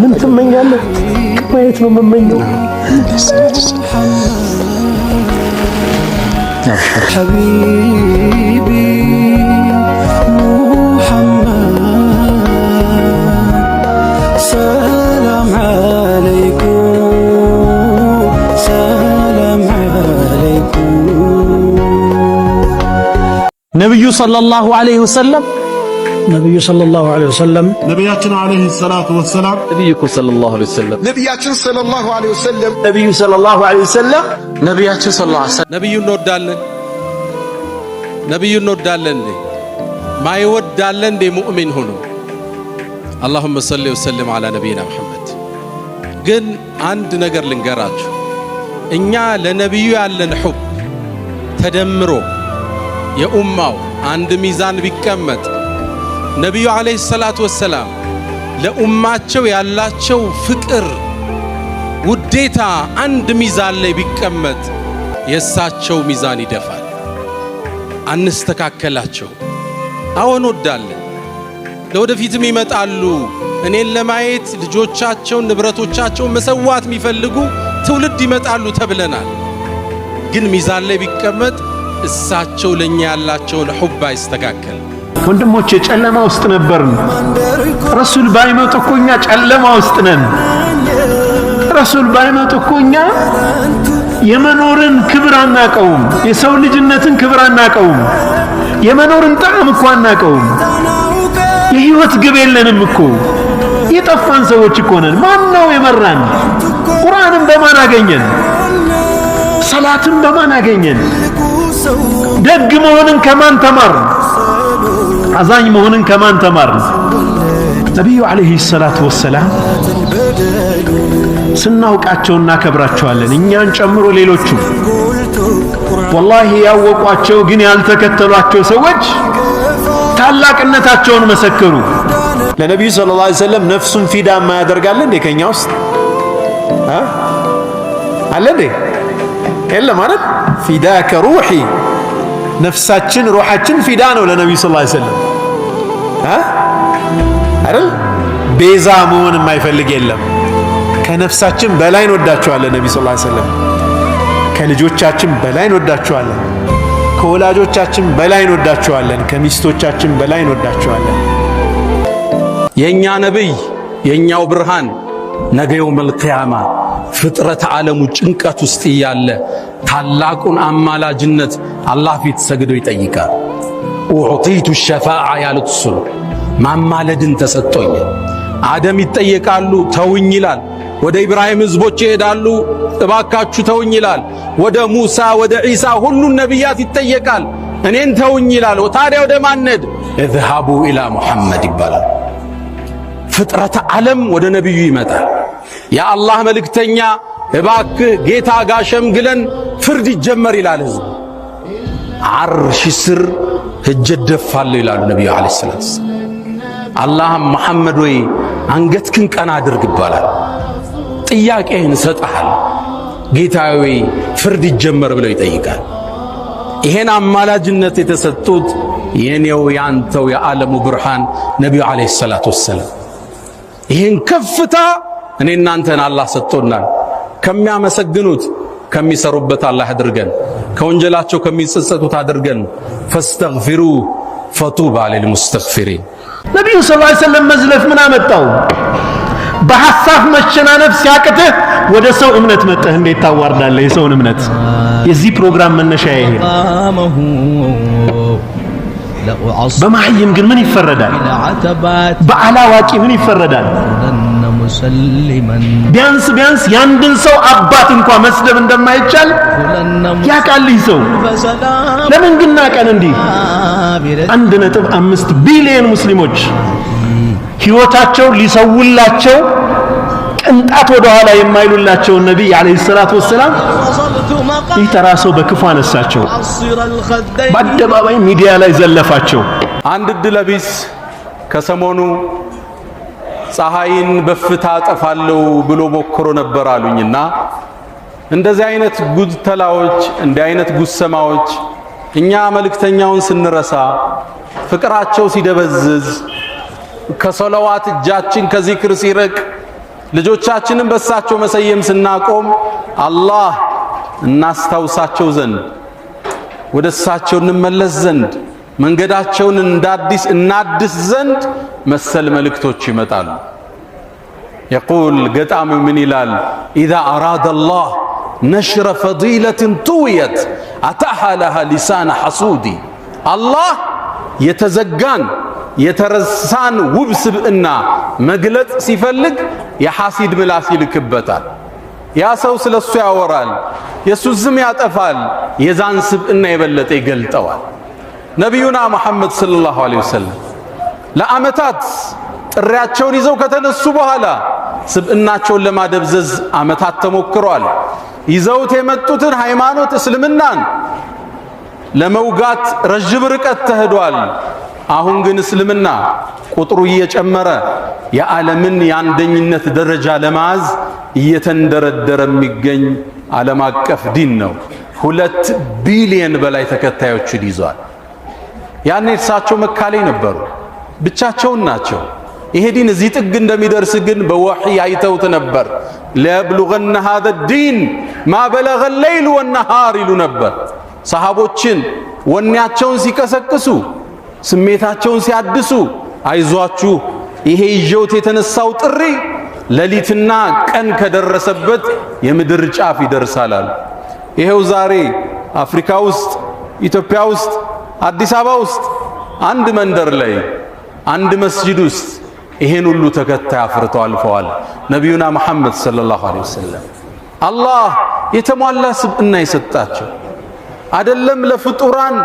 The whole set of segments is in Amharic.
ምን ትመኛለህ? ማየት ነው የምመኘው። ነቢዩ ሰለላሁ ዐለይሂ ወሰለም ነብዩ ሰለላሁ ዐለይሂ ወሰለም ነብያችን ዐለይሂ ሰላቱ ወሰላም ነብዩኩ ሰለላሁ ዐለይሂ ወሰለም ነብያችን ሰለላሁ ዐለይሂ ወሰለም ነብዩ ሰለላሁ ዐለይሂ ወሰለም ነብያችን ሰለላሁ ዐለይሂ ወሰለም ነብዩ እንወዳለን ነብዩ እንወዳለን እንዴ ማይወዳለ እንዴ ሙእሚን ሆኖ አላሁመ ሰሊ ወሰለም ዐላ ነቢይና መሐመድ። ግን አንድ ነገር ልንገራችሁ እኛ ለነቢዩ ያለን ሑብ ተደምሮ የኡማው አንድ ሚዛን ቢቀመጥ ነቢዩ ዓለይሂ ሰላቱ ወሰላም ለኡማቸው ያላቸው ፍቅር፣ ውዴታ አንድ ሚዛን ላይ ቢቀመጥ የእሳቸው ሚዛን ይደፋል። አንስተካከላቸው። አዎን ወዳለን፣ ለወደፊትም ይመጣሉ። እኔን ለማየት ልጆቻቸውን፣ ንብረቶቻቸውን መሰዋት የሚፈልጉ ትውልድ ይመጣሉ ተብለናል። ግን ሚዛን ላይ ቢቀመጥ እሳቸው ለእኛ ያላቸውን ሑብ አይስተካከል። ወንድሞቼ ጨለማ ውስጥ ነበርን። ረሱል ባይመጡ እኮ እኛ ጨለማ ውስጥ ነን። ረሱል ባይመጡ እኮ እኛ የመኖርን ክብር አናቀውም። የሰው ልጅነትን ክብር አናቀውም። የመኖርን ጣዕም እኮ አናቀውም። የህይወት ግብ የለንም እኮ የጠፋን ሰዎች እኮ ነን። ማን ነው የመራን? ቁርአንን በማን አገኘን? ሰላትን በማን አገኘን? ደግ መሆንን ከማን ተማርን? አዛኝ መሆንን ከማን ተማር ነው? ነቢዩ ዓለይሂ ሰላቱ ወሰላም ስናውቃቸው እናከብራቸዋለን፣ እኛን ጨምሮ ሌሎቹ። ወላሂ ያወቋቸው ግን ያልተከተሏቸው ሰዎች ታላቅነታቸውን መሰከሩ። ለነቢዩ ሰለላሁ ዐለይሂ ወሰለም ነፍሱን ፊዳ የማያደርጋለ እንዴ? ከእኛ ውስጥ አለ እንዴ? የለም ማለት ፊዳ ከሩሒ ነፍሳችን ሩሓችን ፊዳ ነው ለነቢዩ ሰለላሁ ዐለይሂ ወሰለም አይደል? ቤዛ መሆን የማይፈልግ የለም። ከነፍሳችን በላይ እንወዳቸዋለን። ነቢ ስ ዐለይሂ ከልጆቻችን በላይ እንወዳቸዋለን። ከወላጆቻችን በላይ እንወዳቸዋለን። ከሚስቶቻችን በላይ እንወዳቸዋለን። የእኛ ነቢይ የእኛው ብርሃን ነገ የውመል ቂያማ ፍጥረት ዓለሙ ጭንቀት ውስጥ እያለ ታላቁን አማላጅነት አላህ ፊት ሰግዶ ይጠይቃል። ኡዕጢቱ ሸፋዓ ያሉት እሱ ነው። ማማለድን ተሰጥቶኝ አደም ይጠየቃሉ፣ ተውኝ ይላል። ወደ ኢብራሂም ህዝቦች ይሄዳሉ፣ እባካችሁ ተውኝ ይላል። ወደ ሙሳ ወደ ዒሳ ሁሉን ነቢያት ይጠየቃል፣ እኔን ተውኝ ይላል። ታዲያ ወደ ማነድ እዝሃቡ ኢላ ሙሐመድ ይባላል። ፍጥረተ ዓለም ወደ ነቢዩ ይመጣል። የአላህ መልእክተኛ እባክህ ጌታ ጋር ሸምግለን ፍርድ ይጀመር ይላል ህዝብ አርሽ ስር እጄ ደፋለሁ ይላሉ ነቢዩ ዓለይሂ ሰላም። አላህም አላህ መሐመድ ወይ አንገትክን ቀና አድርግ ይባላል። ጥያቄህን እሰጥሃል ጌታዊ ፍርድ ይጀመር ብለው ይጠይቃል። ይሄን አማላጅነት የተሰጡት የኔው ያንተው የዓለሙ ብርሃን ነቢዩ ዓለይሂ ሰላቱ ወሰላም ይህን ከፍታ እኔ እናንተን አላህ ሰጥቶናል። ከሚያመሰግኑት ከሚሰሩበት አላህ አድርገን። ከወንጀላቸው ከሚጸጸቱት አድርገን ፈስተግፊሩ ፈቱባ ሊልሙስተግፊሪን። ነቢዩ ሰለላሁ ዐለይሂ ወሰለም መዝለፍ ምን አመጣው? በሐሳብ መሸናነፍ ሲያቅትህ ወደ ሰው እምነት መጠህ እንዴት ታዋርዳለህ የሰውን እምነት? የዚህ ፕሮግራም መነሻ ይሄ። በመሐይም ግን ምን ይፈረዳል? በአላዋቂ ምን ይፈረዳል? ሙሰሊመን ቢያንስ ቢያንስ ያንድን ሰው አባት እንኳ መስደብ እንደማይቻል ያቃል ይህ ሰው። ለምን ግና ቀን እንዲህ አንድ ነጥብ አምስት ቢሊየን ሙስሊሞች ህይወታቸው ሊሰውላቸው ቅንጣት ወደኋላ የማይሉላቸውን ነቢይ ዓለይሂ ሰላቱ ወሰላም ይህ ተራ ሰው በክፉ አነሳቸው፣ በአደባባይ ሚዲያ ላይ ዘለፋቸው። አንድ ዕድለ ቢስ ከሰሞኑ ፀሐይን በፍታ ጠፋለው ብሎ ሞክሮ ነበር አሉኝና እንደዚህ አይነት ጉድተላዎች እንዲህ አይነት ጉሰማዎች እኛ መልእክተኛውን ስንረሳ ፍቅራቸው ሲደበዝዝ ከሰለዋት እጃችን ከዚክር ሲርቅ ልጆቻችንን በሳቸው መሰየም ስናቆም አላህ እናስታውሳቸው ዘንድ ወደ እሳቸው እንመለስ ዘንድ መንገዳቸውን እንዳዲስ እናድስ ዘንድ መሰል መልእክቶች ይመጣሉ። የቁል ገጣሚው ምን ይላል? ኢዛ አራደ አላህ ነሽረ ፈዲለትን ጡውየት አታሃ ለሃ ሊሳነ ሐሱዲ። አላህ የተዘጋን የተረሳን ውብ ስብዕና መግለጽ ሲፈልግ የሐሲድ ምላስ ይልክበታል። ያ ሰው ስለ እሱ ያወራል፣ የእሱ ዝም ያጠፋል፣ የዛን ስብዕና የበለጠ ይገልጠዋል። ነቢዩና መሐመድ ሰለላሁ ዐለይሂ ወሰለም ለአመታት ጥሪያቸውን ይዘው ከተነሱ በኋላ ስብዕናቸውን ለማደብዘዝ አመታት ተሞክሯል። ይዘውት የመጡትን ሃይማኖት እስልምናን ለመውጋት ረዥም ርቀት ተሄዷል። አሁን ግን እስልምና ቁጥሩ እየጨመረ የዓለምን የአንደኝነት ደረጃ ለመያዝ እየተንደረደረ የሚገኝ ዓለም አቀፍ ዲን ነው። ሁለት ቢሊየን በላይ ተከታዮችን ይዟል። ያኔ እርሳቸው መካ ነበሩ። ብቻቸውን ናቸው። ይሄ ዲን እዚህ ጥግ እንደሚደርስ ግን በወህይ አይተውት ነበር። ለየብሉገነ ሃዘ ዲን ማ በለገ ወነሃር ይሉ ነበር። ሰሃቦችን ወኔያቸውን ሲቀሰቅሱ፣ ስሜታቸውን ሲያድሱ አይዟችሁ ይሄ ይዤውት የተነሳው ጥሪ ሌሊትና ቀን ከደረሰበት የምድር ጫፍ ይደርሳል ይሄው ዛሬ አፍሪካ ውስጥ፣ ኢትዮጵያ ውስጥ፣ አዲስ አበባ ውስጥ አንድ መንደር ላይ አንድ መስጂድ ውስጥ ይሄን ሁሉ ተከታይ አፍርተው አልፈዋል። ነቢዩና መሐመድ ሰለላሁ ዐለይሂ ወሰለም አላህ የተሟላ ስብዕና የሰጣቸው አይደለም ለፍጡራን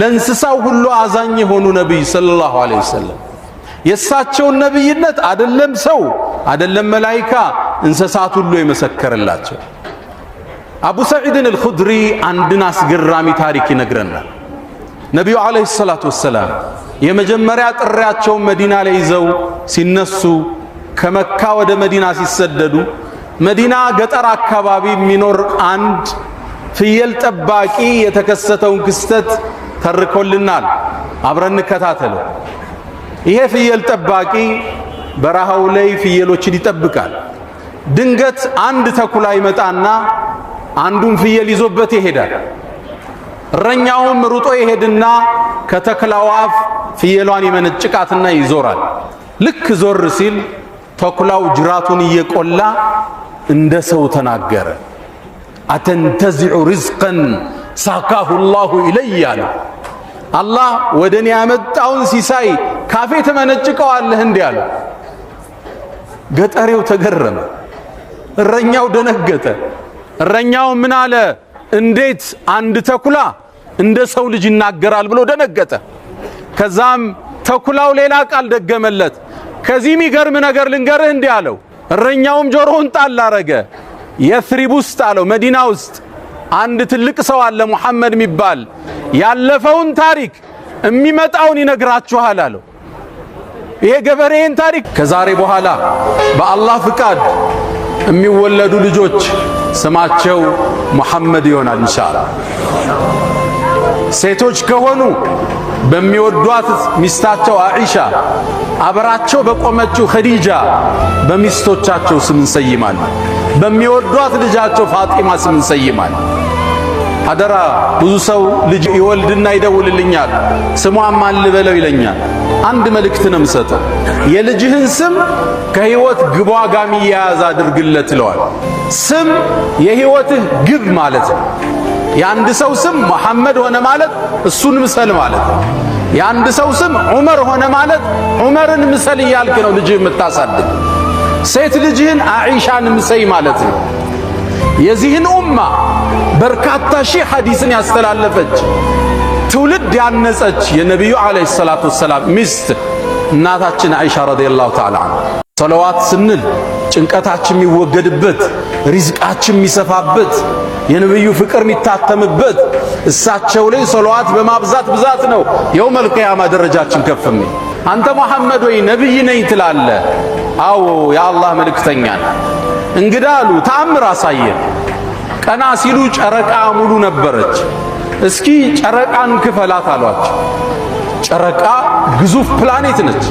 ለእንስሳው ሁሉ አዛኝ የሆኑ ነቢይ ሰለላሁ ዐለይሂ ወሰለም የእሳቸውን ነቢይነት አይደለም ሰው አይደለም መላይካ እንስሳት ሁሉ የመሰከረላቸው። አቡ ሰዒድን አልኹድሪ አንድን አስገራሚ ታሪክ ይነግረናል። ነቢዩ ዓለይሂ ሰላቱ ወሰላም የመጀመሪያ ጥሪያቸውን መዲና ላይ ይዘው ሲነሱ ከመካ ወደ መዲና ሲሰደዱ መዲና ገጠር አካባቢ የሚኖር አንድ ፍየል ጠባቂ የተከሰተውን ክስተት ተርኮልናል። አብረን እንከታተለው። ይሄ ፍየል ጠባቂ በረሃው ላይ ፍየሎችን ይጠብቃል። ድንገት አንድ ተኩላ ይመጣና አንዱን ፍየል ይዞበት ይሄዳል። እረኛውም ሩጦ ይሄድና ከተኩላው አፍ ፍየሏን ይመነጭቃትና ይዞራል። ልክ ዞር ሲል ተኩላው ጅራቱን እየቆላ እንደ ሰው ተናገረ። አተንተዚዑ ሪዝቀን ሳካሁ ላሁ ኢለያ አለ። አላህ ወደ እኔ ያመጣውን ሲሳይ ካፌ ትመነጭቀዋለህ እንዲህ አለ። ገጠሬው ተገረመ፣ እረኛው ደነገጠ። እረኛው ምን አለ? እንዴት አንድ ተኩላ እንደ ሰው ልጅ ይናገራል ብሎ ደነገጠ። ከዛም ተኩላው ሌላ ቃል ደገመለት። ከዚህ የሚገርም ነገር ልንገርህ እንዲህ አለው። እረኛውም ጆሮውን ጣል አረገ። ውስጥ አለው መዲና ውስጥ አንድ ትልቅ ሰው አለ ሙሐመድ የሚባል ያለፈውን ታሪክ የሚመጣውን ይነግራችኋል አለው። ይሄ ገበሬን ታሪክ ከዛሬ በኋላ በአላህ ፍቃድ የሚወለዱ ልጆች ስማቸው ሙሐመድ ይሆናል ኢንሻአላህ። ሴቶች ከሆኑ በሚወዷት ሚስታቸው አኢሻ አብራቸው በቆመችው ኸዲጃ በሚስቶቻቸው ስም እንሰይማል። በሚወዷት ልጃቸው ፋጢማ ስም እንሰይማል። አደራ ብዙ ሰው ልጅ ይወልድና ይደውልልኛል፣ ስሟን ማን ይለኛል። አንድ መልእክት ነው የምሰጠው፣ የልጅህን ስም ከህይወት ግቧ ጋር የሚያያዝ አድርግለት ይለዋል። ስም የህይወትህ ግብ ማለት ነው። የአንድ ሰው ስም መሐመድ ሆነ ማለት እሱን ምሰል ማለት ነው። የአንድ ሰው ስም ዑመር ሆነ ማለት ዑመርን ምሰል እያልክ ነው ልጅህ የምታሳድግ። ሴት ልጅህን አኢሻን ምሰይ ማለት ነው። የዚህን ኡማ በርካታ ሺህ ሐዲስን ያስተላለፈች ትውልድ ያነጸች የነቢዩ ዓለይሂ ሰላቱ ወሰላም ሚስት እናታችን አኢሻ ረዲየላሁ ተዓላ ሰለዋት ስንል ጭንቀታችን የሚወገድበት፣ ሪዝቃችን የሚሰፋበት፣ የነብዩ ፍቅር የሚታተምበት እሳቸው ላይ ሰለዋት በማብዛት ብዛት ነው የው ቂያማ ደረጃችን ከፍም። አንተ መሐመድ ወይ ነብይ ነኝ ትላለ። አዎ የአላህ መልእክተኛ እንግዳ አሉ። ተአምር አሳየ ቀና ሲሉ ጨረቃ ሙሉ ነበረች። እስኪ ጨረቃን ክፈላት አሏቸው። ጨረቃ ግዙፍ ፕላኔት ነች።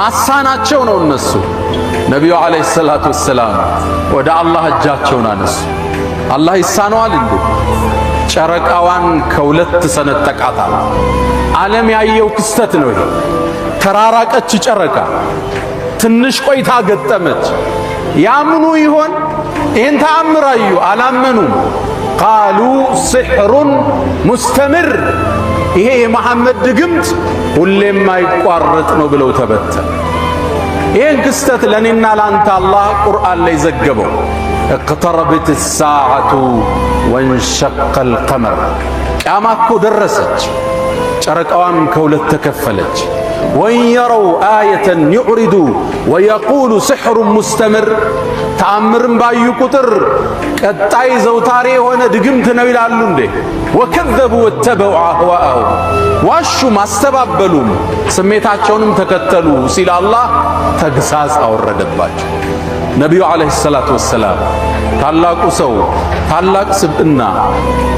ማሳናቸው ነው እነሱ ነቢዩ ዓለይሂ ሰላቱ ወሰላም ወደ አላህ እጃቸውን አነሱ። አላህ ይሳነዋል እንዴ? ጨረቃዋን ከሁለት ሰነጠቃታል። ዓለም ያየው ክስተት ነው ይሄ። ተራራቀች ጨረቃ፣ ትንሽ ቆይታ ገጠመች። ያምኑ ይሆን ይህን ተአምር አዩ? አላመኑም። ቃሉ ስሕሩን ሙስተምር፣ ይሄ የመሐመድ ድግምት ሁሌም አይቋረጥ ነው ብለው ተበተን ይህን ክስተት ለእኔና ለአንተ አላህ ቁርአን ላይ ዘገበው። እቅተረበት ሳዓቱ ወንሸቀል ቀመር፣ ቅያማ እኮ ደረሰች፣ ጨረቃዋም ከሁለት ተከፈለች። ወንየረው አየተን ዩዕሪዱ ወየቁሉ ስሕሩን ሙስተምር ተአምርም ባዩ ቁጥር ቀጣይ ዘውታሪ የሆነ ድግምት ነው ይላሉ። እንዴ ወከዘቡ ወተበው አህዋአሁ ዋሹም አስተባበሉም ስሜታቸውንም ተከተሉ ሲል አላህ ተግሳጽ አወረደባቸው። ነቢዩ ዓለይሂ ሰላቱ ወሰላም ታላቁ ሰው ታላቅ ስብዕና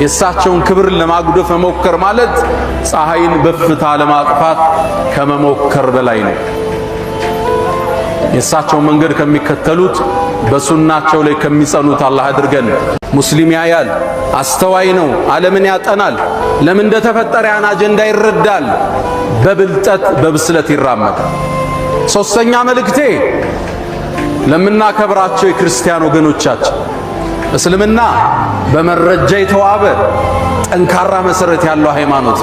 የእሳቸውን ክብር ለማጉደፍ መሞከር ማለት ፀሐይን በፍታ ለማጥፋት ከመሞከር በላይ ነው። የእሳቸው መንገድ ከሚከተሉት በሱናቸው ላይ ከሚጸኑት አላህ አድርገን። ሙስሊም ያያል፣ አስተዋይ ነው፣ ዓለምን ያጠናል፣ ለምን እንደተፈጠረ ያን አጀንዳ ይረዳል፣ በብልጠት በብስለት ይራመዳል። ሶስተኛ መልእክቴ ለምናከብራቸው የክርስቲያን ወገኖቻችን እስልምና በመረጃ የተዋበ ጠንካራ መሰረት ያለው ሃይማኖት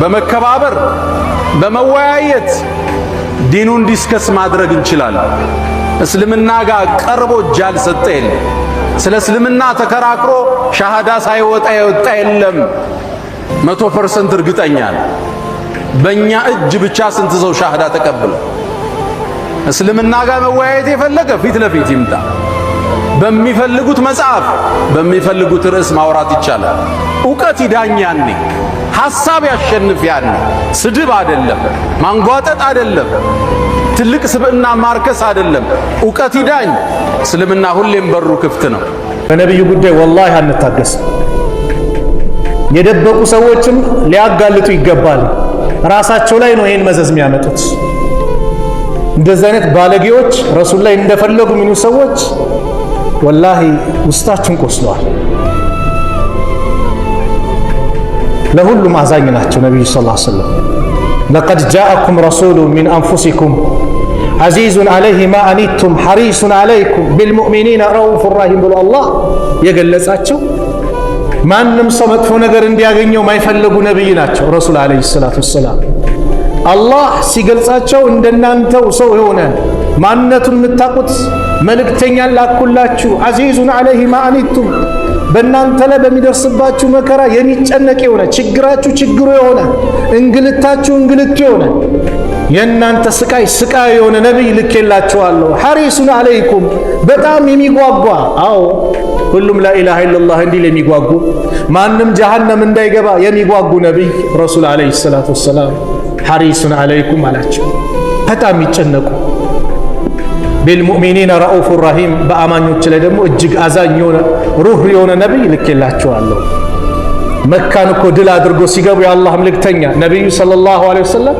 በመከባበር በመወያየት ዲኑን ዲስከስ ማድረግ እንችላለን። እስልምና ጋር ቀርቦ እጅ ያልሰጠ የለም። ስለ እስልምና ተከራክሮ ሻሃዳ ሳይወጣ የወጣ የለም። መቶ ፐርሰንት እርግጠኛ ነው። በእኛ እጅ ብቻ ስንት ሰው ሻሃዳ ተቀብለ። እስልምና ጋር መወያየት የፈለገ ፊት ለፊት ይምጣ። በሚፈልጉት መጽሐፍ፣ በሚፈልጉት ርዕስ ማውራት ይቻላል። እውቀት ይዳኛኔ ሐሳብ ያሸንፍ። ያን ስድብ አይደለም፣ ማንጓጠጥ አይደለም፣ ትልቅ ስብዕና ማርከስ አይደለም። እውቀት ይዳኝ። እስልምና ሁሌም በሩ ክፍት ነው። በነቢዩ ጉዳይ ወላሂ አንታገስ። የደበቁ ሰዎችም ሊያጋልጡ ይገባል። ራሳቸው ላይ ነው ይህን መዘዝ የሚያመጡት። እንደዚህ አይነት ባለጌዎች ረሱል ላይ እንደፈለጉ የሚሉ ሰዎች ወላሂ ውስጣችን ቆስለዋል። ለሁሉም አዛኝ ናቸው ነቢዩ ሰለላሁ ዐለይሂ ወሰለም። ለቀድ ጃአኩም ረሱሉ ሚን አንፉሲኩም አዚዙን አለይህ ማ አኒቱም ሐሪሱን ዐለይኩም ቢልሙእሚኒና ረኡፉ ራሂም ብሎ አላህ የገለጻቸው ማንም ሰው መጥፎ ነገር እንዲያገኘው ማይፈለጉ ነቢይ ናቸው ረሱል ዐለይሂ ሰላቱ ወሰላም። አላህ ሲገልጻቸው እንደናንተው ሰው የሆነ ማንነቱን የምታውቁት መልእክተኛ ላኩላችሁ። አዚዙን አለይህ ማ አኒቱም በእናንተ ላይ በሚደርስባችሁ መከራ የሚጨነቅ የሆነ ችግራችሁ ችግሩ የሆነ እንግልታችሁ እንግልቱ የሆነ የእናንተ ስቃይ ስቃይ የሆነ ነቢይ ልኬላችኋለሁ። ሐሪሱን አለይኩም በጣም የሚጓጓ አዎ፣ ሁሉም ላኢላሃ ኢለላህ እንዲል የሚጓጉ ማንም ጀሃነም እንዳይገባ የሚጓጉ ነቢይ ረሱል አለይሂ ሰላቱ ወሰላም ሐሪሱን አለይኩም አላቸው። በጣም ይጨነቁ ቢልሙእሚኒነ ረኡፍ ራሂም በአማኞች ላይ ደግሞ እጅግ አዛኝ የሆነ ሩህ የሆነ ነቢይ ልኬላቸዋለሁ። መካን እኮ ድል አድርጎ ሲገቡ የአላህ ምልክተኛ ነቢዩ ሰለላሁ ዐለይሂ ወሰለም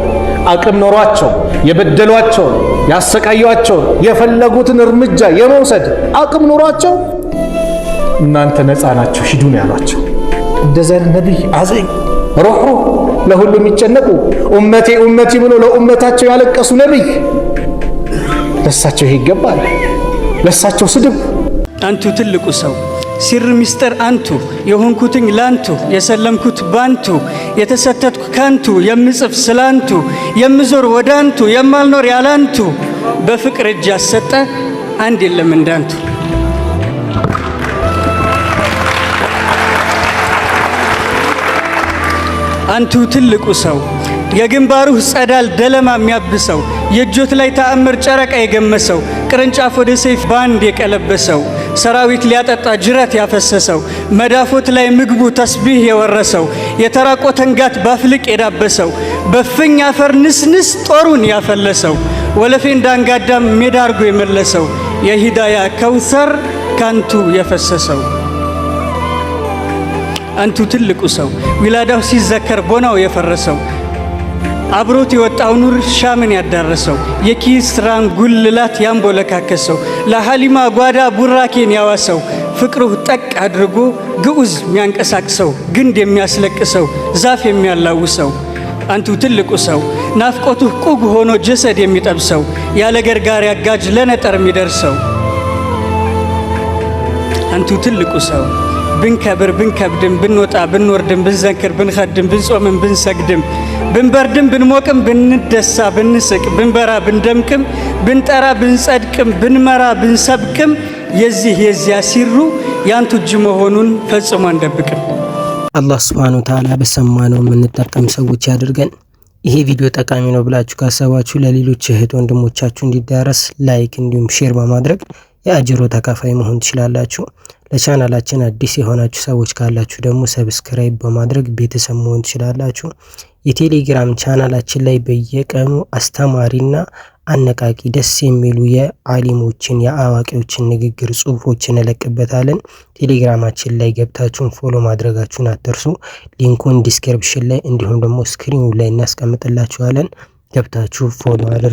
አቅም ኖሯቸው የበደሏቸውን ያሰቃዩቸውን የፈለጉትን እርምጃ የመውሰድ አቅም ኖሯቸው እናንተ ነፃ ናቸው ሂዱ ነው ያሏቸው። እንደዚህ አይነት ነቢይ አዘኝ ሩህሩህ ለሁሉ የሚጨነቁ ኡመቴ ኡመቴ ብሎ ለኡመታቸው ያለቀሱ ነቢይ ለሳቸው ይሄ ይገባል። ለሳቸው ስድብ አንቱ ትልቁ ሰው ሲር ሚስጥር አንቱ የሆንኩትኝ ላንቱ የሰለምኩት ባንቱ የተሰተትኩ ካንቱ የምጽፍ ስላንቱ የምዞር ወዳንቱ የማልኖር ያላንቱ በፍቅር እጅ ያሰጠ አንድ የለም እንዳንቱ። አንቱ ትልቁ ሰው የግንባሩህ ጸዳል ደለማ የሚያብሰው የእጆት ላይ ተአምር ጨረቃ የገመሰው ቅርንጫፍ ወደ ሰይፍ ባንድ የቀለበሰው ሰራዊት ሊያጠጣ ጅረት ያፈሰሰው መዳፎት ላይ ምግቡ ተስቢህ የወረሰው የተራቆ ተንጋት ባፍልቅ የዳበሰው በፍኝ አፈር ንስንስ ጦሩን ያፈለሰው ወለፌ እንዳንጋዳም ሜዳ አርጎ የመለሰው የሂዳያ ከውሰር ካንቱ የፈሰሰው አንቱ ትልቁ ሰው ዊላዳው ሲዘከር ቦናው የፈረሰው አብሮት የወጣው ኑር ሻምን ያዳረሰው የኪስራን ጉልላት ያንቦለካከሰው ለሐሊማ ጓዳ ቡራኬን ያዋሰው ፍቅሩ ጠቅ አድርጎ ግዑዝ የሚያንቀሳቅሰው ግንድ የሚያስለቅሰው ዛፍ የሚያላውሰው አንቱ ትልቁ ሰው ናፍቆቱ ቁግ ሆኖ ጀሰድ የሚጠብሰው ያለ ገርጋሪ አጋጅ ለነጠር የሚደርሰው አንቱ ትልቁ ሰው ብንከብር ብንከብድም ብንወጣ ብንወርድም ብንዘንክር ብንኸድም ብንጾምም ብንሰግድም ብንበርድም ብንሞቅም ብንደሳ ብንስቅ ብንበራ ብንደምቅም ብንጠራ ብንጸድቅም ብንመራ ብንሰብቅም የዚህ የዚያ ሲሩ ያንቱ እጅ መሆኑን ፈጽሞ አንደብቅም። አላህ ስብሃነ ወተዓላ በሰማነው የምንጠቀም ሰዎች ያድርገን። ይሄ ቪዲዮ ጠቃሚ ነው ብላችሁ ካሰባችሁ ለሌሎች እህት ወንድሞቻችሁ እንዲዳረስ ላይክ እንዲሁም ሼር በማድረግ የአጅሮ ተካፋይ መሆን ትችላላችሁ። ለቻናላችን አዲስ የሆናችሁ ሰዎች ካላችሁ ደግሞ ሰብስክራይብ በማድረግ ቤተሰብ መሆን ትችላላችሁ። የቴሌግራም ቻናላችን ላይ በየቀኑ አስተማሪና አነቃቂ ደስ የሚሉ የአሊሞችን የአዋቂዎችን ንግግር ጽሁፎችን እንለቅበታለን። ቴሌግራማችን ላይ ገብታችሁን ፎሎ ማድረጋችሁን አትርሱ። ሊንኩን ዲስክሪፕሽን ላይ እንዲሁም ደግሞ ስክሪኑ ላይ እናስቀምጥላችኋለን። ገብታችሁ ፎሎ አድርጉ።